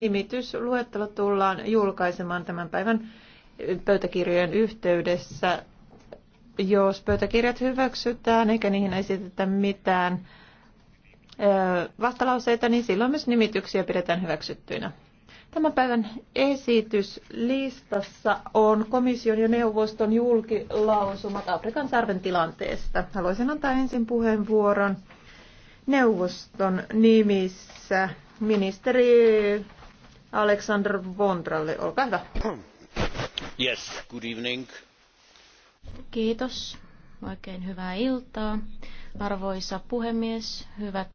Nimitysluettelo tullaan julkaisemaan tämän päivän pöytäkirjojen yhteydessä. Jos pöytäkirjat hyväksytään eikä niihin esitetä mitään vastalauseita, niin silloin myös nimityksiä pidetään hyväksyttyinä. Tämän päivän esityslistassa on komission ja neuvoston julkilausumat Afrikan sarven tilanteesta. Haluaisin antaa ensin puheenvuoron neuvoston nimissä ministeri Alexander Bondralle. Olkaa hyvä. Yes, good evening. Kiitos. Oikein hyvää iltaa. Arvoisa puhemies, hyvät